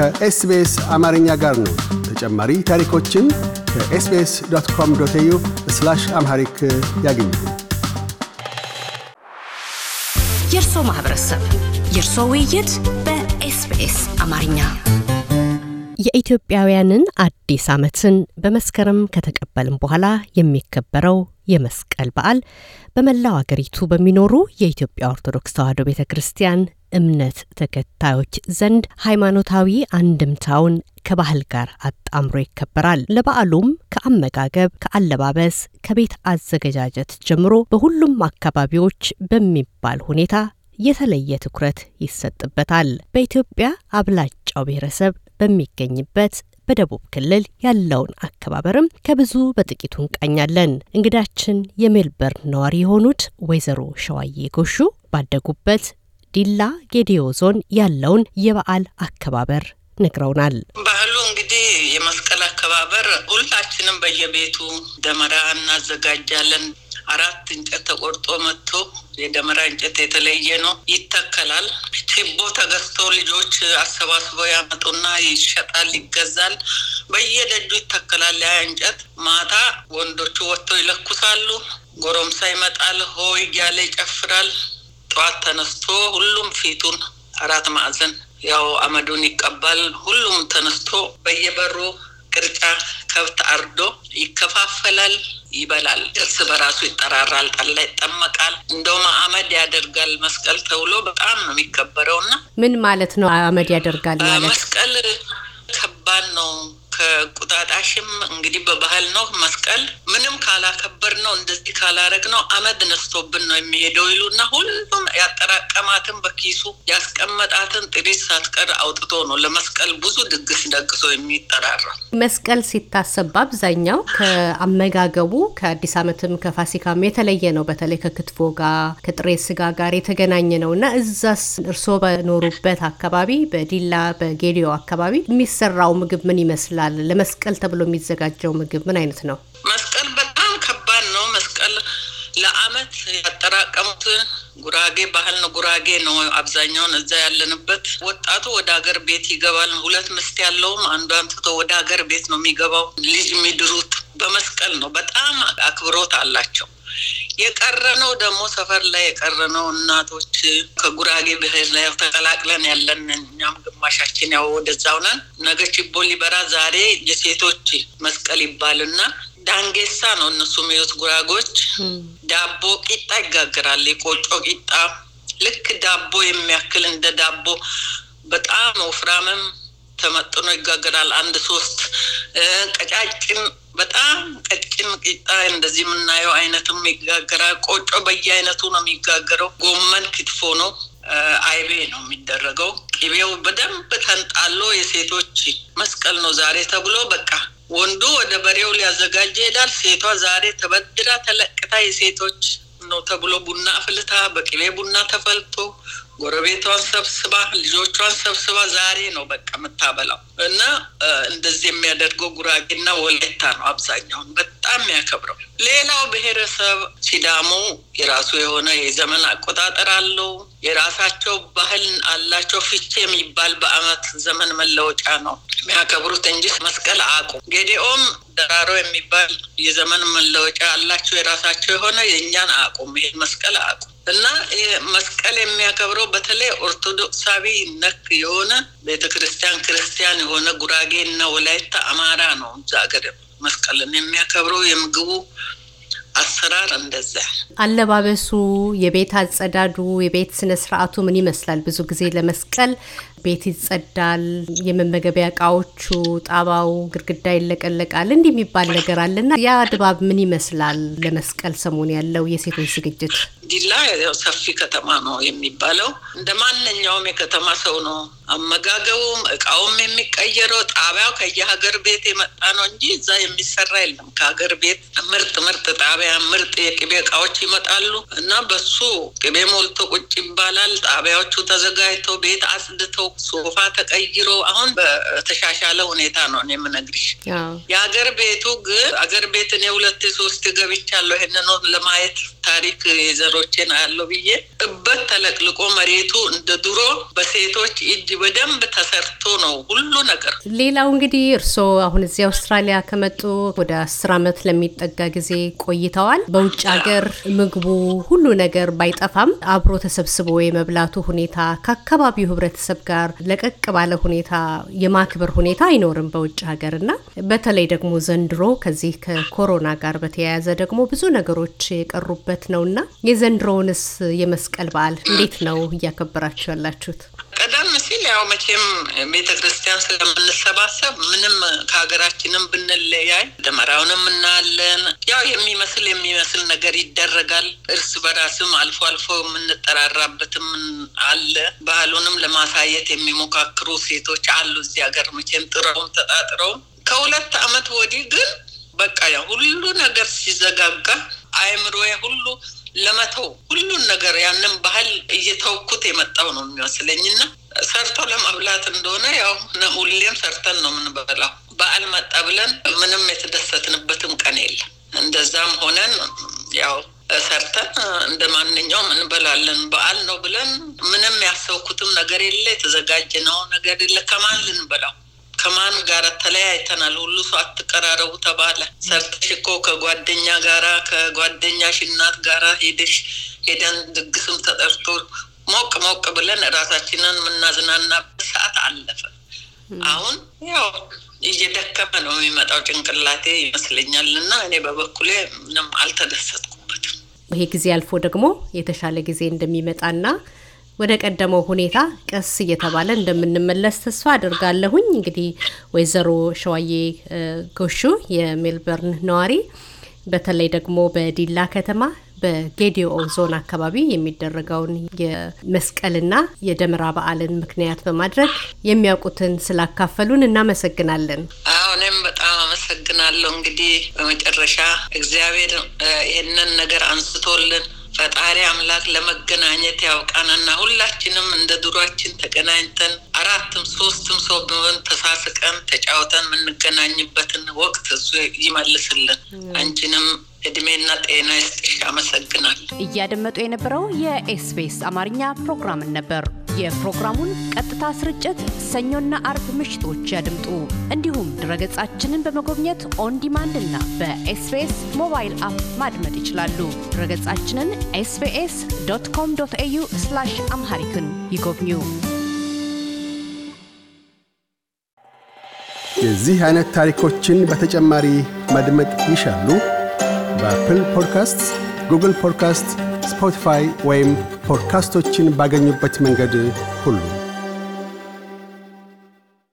ከኤስቢኤስ አማርኛ ጋር ነው። ተጨማሪ ታሪኮችን ከኤስቢኤስ ዶት ኮም ዶት ስላሽ አምሃሪክ ያገኙ። የእርሶ ማህበረሰብ፣ የእርሶ ውይይት በኤስቢኤስ አማርኛ የኢትዮጵያውያንን አዲስ ዓመትን በመስከረም ከተቀበልም በኋላ የሚከበረው የመስቀል በዓል በመላው አገሪቱ በሚኖሩ የኢትዮጵያ ኦርቶዶክስ ተዋህዶ ቤተ ክርስቲያን እምነት ተከታዮች ዘንድ ሃይማኖታዊ አንድምታውን ከባህል ጋር አጣምሮ ይከበራል። ለበዓሉም ከአመጋገብ፣ ከአለባበስ፣ ከቤት አዘገጃጀት ጀምሮ በሁሉም አካባቢዎች በሚባል ሁኔታ የተለየ ትኩረት ይሰጥበታል። በኢትዮጵያ አብላጫው ብሔረሰብ በሚገኝበት በደቡብ ክልል ያለውን አከባበርም ከብዙ በጥቂቱ እንቃኛለን። እንግዳችን የሜልበርን ነዋሪ የሆኑት ወይዘሮ ሸዋዬ ጎሹ ባደጉበት ዲላ ጌዲዮ ዞን ያለውን የበዓል አከባበር ነግረውናል። ባህሉ እንግዲህ የመስቀል አከባበር ሁላችንም በየቤቱ ደመራ እናዘጋጃለን። አራት እንጨት ተቆርጦ መጥቶ የደመራ እንጨት የተለየ ነው፣ ይተከላል። ችቦ ተገዝቶ ልጆች አሰባስበው ያመጡና ይሸጣል፣ ይገዛል። በየደጁ ይተከላል ያ እንጨት። ማታ ወንዶቹ ወጥተው ይለኩሳሉ። ጎረምሳ ይመጣል፣ ሆይ እያለ ይጨፍራል። ጠዋት ተነስቶ ሁሉም ፊቱን አራት ማዕዘን ያው አመዱን ይቀባል። ሁሉም ተነስቶ በየበሩ ቅርጫ ከብት አርዶ ይከፋፈላል፣ ይበላል። እርስ በራሱ ይጠራራል፣ ጠላ ይጠመቃል፣ እንደውም አመድ ያደርጋል። መስቀል ተብሎ በጣም ነው የሚከበረው እና ምን ማለት ነው አመድ ያደርጋል ማለት መስቀል ከባድ ነው ከቁጣጣሽም እንግዲህ በባህል ነው መስቀል ምንም ካላከበር ነው እንደዚህ ካላረግ ነው አመድ ነስቶብን ነው የሚሄደው ይሉ እና ሁሉም ያጠራቀማትን በኪሱ ያስቀመጣትን ጥሪት ሳትቀር አውጥቶ ነው ለመስቀል ብዙ ድግስ ደግሶ የሚጠራራ። መስቀል ሲታሰብ በአብዛኛው ከአመጋገቡ ከአዲስ ዓመትም ከፋሲካም የተለየ ነው። በተለይ ከክትፎ ጋር ከጥሬ ስጋ ጋር የተገናኘ ነው እና እዛስ እርስዎ በኖሩበት አካባቢ በዲላ በጌዲዮ አካባቢ የሚሰራው ምግብ ምን ይመስላል? ይባላል? ለመስቀል ተብሎ የሚዘጋጀው ምግብ ምን አይነት ነው? መስቀል በጣም ከባድ ነው። መስቀል ለአመት ያጠራቀሙት ጉራጌ ባህል ነው። ጉራጌ ነው አብዛኛውን እዛ ያለንበት። ወጣቱ ወደ ሀገር ቤት ይገባል። ሁለት ምስት ያለውም አንዱ አንስቶ ወደ ሀገር ቤት ነው የሚገባው። ልጅ የሚድሩት በመስቀል ነው። በጣም አክብሮት አላቸው። የቀረነው ደግሞ ሰፈር ላይ የቀረነው እናቶች ከጉራጌ ብሔር ላይ ተቀላቅለን ያለን እኛም ግማሻችን ያው ወደዛው ነን። ነገ ችቦ ሊበራ ዛሬ የሴቶች መስቀል ይባልና ዳንጌሳ ነው እነሱ ሚሉት ጉራጎች። ዳቦ ቂጣ ይጋገራል። የቆጮ ቂጣ ልክ ዳቦ የሚያክል እንደ ዳቦ በጣም ወፍራምም ተመጥኖ ይጋገራል። አንድ ሶስት ቀጫጭን በጣም ቀጭን ቂጣ እንደዚህ የምናየው አይነትም ይጋገራል። ቆጮ በየአይነቱ ነው የሚጋገረው። ጎመን ክትፎ ነው። አይቤ ነው የሚደረገው። ቅቤው በደንብ ተንጣሎ የሴቶች መስቀል ነው ዛሬ ተብሎ በቃ ወንዱ ወደ በሬው ሊያዘጋጀ ይሄዳል። ሴቷ ዛሬ ተበድራ ተለቅታ የሴቶች ነው ተብሎ ቡና አፍልታ በቅቤ ቡና ተፈልቶ ጎረቤቷን ሰብስባ ልጆቿን ሰብስባ ዛሬ ነው በቃ የምታበላው እና እንደዚህ የሚያደርገው ጉራጌና ወላይታ ነው አብዛኛውን በጣም የሚያከብረው። ሌላው ብሔረሰብ ሲዳሞ የራሱ የሆነ የዘመን አቆጣጠር አለው። የራሳቸው ባህል አላቸው። ፍቼ የሚባል በአመት ዘመን መለወጫ ነው የሚያከብሩት እንጂ መስቀል አቁ ጌዲኦም ደራሮ የሚባል የዘመን መለወጫ አላቸው የራሳቸው የሆነ የእኛን አቁም ይሄ መስቀል አቁ እና መስቀል የሚያከብረው በተለይ ኦርቶዶክሳዊ ነክ የሆነ ቤተክርስቲያን ክርስቲያን የሆነ ጉራጌና ወላይታ አማራ ነው እዛ መስቀልን የሚያከብረው የምግቡ አሰራር እንደዛ፣ አለባበሱ፣ የቤት አጸዳዱ፣ የቤት ስነ ስርአቱ ምን ይመስላል? ብዙ ጊዜ ለመስቀል ቤት ይጸዳል፣ የመመገቢያ እቃዎቹ፣ ጣባው፣ ግድግዳ ይለቀለቃል፣ እንዲህ የሚባል ነገር አለና ያ ድባብ ምን ይመስላል? ለመስቀል ሰሞን ያለው የሴቶች ዝግጅት ዲላ ያው ሰፊ ከተማ ነው የሚባለው። እንደ ማንኛውም የከተማ ሰው ነው አመጋገቡም እቃውም የሚቀየረው። ጣቢያው ከየሀገር ቤት የመጣ ነው እንጂ እዛ የሚሰራ የለም። ከሀገር ቤት ምርጥ ምርጥ ጣቢያ ምርጥ የቅቤ እቃዎች ይመጣሉ እና በሱ ቅቤ ሞልቶ ቁጭ ይባላል። ጣቢያዎቹ ተዘጋጅተው ቤት አጽድተው ሶፋ ተቀይሮ አሁን በተሻሻለ ሁኔታ ነው እኔ የምነግርሽ። የሀገር ቤቱ ግን ሀገር ቤት እኔ ሁለት ሶስት ገብቻለሁ ይህንኑ ለማየት ታሪክ የዘሮቼን አያለው ብዬ እበት ተለቅልቆ መሬቱ እንደ ድሮ በሴቶች እጅ በደንብ ተሰርቶ ነው ሁሉ ነገር። ሌላው እንግዲህ እርስዎ አሁን እዚህ አውስትራሊያ ከመጡ ወደ አስር አመት ለሚጠጋ ጊዜ ቆይተዋል። በውጭ ሀገር ምግቡ ሁሉ ነገር ባይጠፋም አብሮ ተሰብስቦ የመብላቱ ሁኔታ ከአካባቢው ህብረተሰብ ጋር ለቀቅ ባለ ሁኔታ የማክበር ሁኔታ አይኖርም በውጭ ሀገር እና በተለይ ደግሞ ዘንድሮ ከዚህ ከኮሮና ጋር በተያያዘ ደግሞ ብዙ ነገሮች የቀሩበት ማለት ነውና የዘንድሮውንስ የመስቀል በዓል እንዴት ነው እያከበራችሁ ያላችሁት? ቀደም ሲል ያው መቼም ቤተ ክርስቲያን ስለምንሰባሰብ ምንም ከሀገራችንም ብንለያይ ደመራውንም እናያለን። ያው የሚመስል የሚመስል ነገር ይደረጋል። እርስ በራስም አልፎ አልፎ የምንጠራራበትም አለ። ባህሉንም ለማሳየት የሚሞካክሩ ሴቶች አሉ እዚህ ሀገር መቼም ጥረውም ተጣጥረውም። ከሁለት ዓመት ወዲህ ግን በቃ ያው ሁሉ ነገር ሲዘጋጋ አእምሮዬ ሁሉ ለመተው ሁሉን ነገር ያንን ባህል እየተውኩት የመጣው ነው የሚመስለኝ እና ሰርቶ ለመብላት እንደሆነ ያው ሁሌም ሰርተን ነው የምንበላው። በዓል መጣ ብለን ምንም የተደሰትንበትም ቀን የለም። እንደዛም ሆነን ያው ሰርተን እንደ ማንኛውም እንበላለን። በዓል ነው ብለን ምንም ያሰብኩትም ነገር የለ፣ የተዘጋጀነው ነገር የለ። ከማን ልንበላው ከማን ጋር ተለያይተናል? ሁሉ ሰው አትቀራረቡ ተባለ። ሰርተሽ እኮ ከጓደኛ ጋራ ከጓደኛሽ እናት ጋራ ሄደሽ ሄደን ድግስም ተጠርቶ ሞቅ ሞቅ ብለን እራሳችንን የምናዝናናበት ሰዓት አለፈ። አሁን ያው እየደከመ ነው የሚመጣው ጭንቅላቴ ይመስለኛል። እና እኔ በበኩሌ ምንም አልተደሰጥኩበትም። ይሄ ጊዜ አልፎ ደግሞ የተሻለ ጊዜ እንደሚመጣና ወደ ቀደመው ሁኔታ ቀስ እየተባለ እንደምንመለስ ተስፋ አድርጋለሁኝ። እንግዲህ ወይዘሮ ሸዋዬ ጎሹ የሜልበርን ነዋሪ በተለይ ደግሞ በዲላ ከተማ በጌዲኦ ዞን አካባቢ የሚደረገውን የመስቀልና የደመራ በዓልን ምክንያት በማድረግ የሚያውቁትን ስላካፈሉን እናመሰግናለን። እኔም በጣም አመሰግናለሁ። እንግዲህ በመጨረሻ እግዚአብሔር ይህንን ነገር አንስቶልን ፈጣሪ አምላክ ለመገናኘት ያውቃንና ሁላችንም እንደ ድሯችን ተገናኝተን አራትም ሶስትም ሰው ብን ተሳስቀን ተጫውተን የምንገናኝበትን ወቅት እሱ ይመልስልን። አንቺንም እድሜና ጤና ይስጥሽ። አመሰግናል። እያደመጡ የነበረው የኤስቢኤስ አማርኛ ፕሮግራምን ነበር። የፕሮግራሙን ቀጥታ ስርጭት ሰኞና አርብ ምሽቶች ያድምጡ። እንዲሁም ድረገጻችንን በመጎብኘት ኦን ዲማንድ እና በኤስቢኤስ ሞባይል አፕ ማድ ይችላሉ። ድረገጻችንን ኤስቢኤስ ዶት ኮም ዶት ኤዩ አምሃሪክን ይጎብኙ። የዚህ አይነት ታሪኮችን በተጨማሪ ማድመጥ ይሻሉ? በአፕል ፖድካስት፣ ጉግል ፖድካስት፣ ስፖቲፋይ ወይም ፖድካስቶችን ባገኙበት መንገድ ሁሉ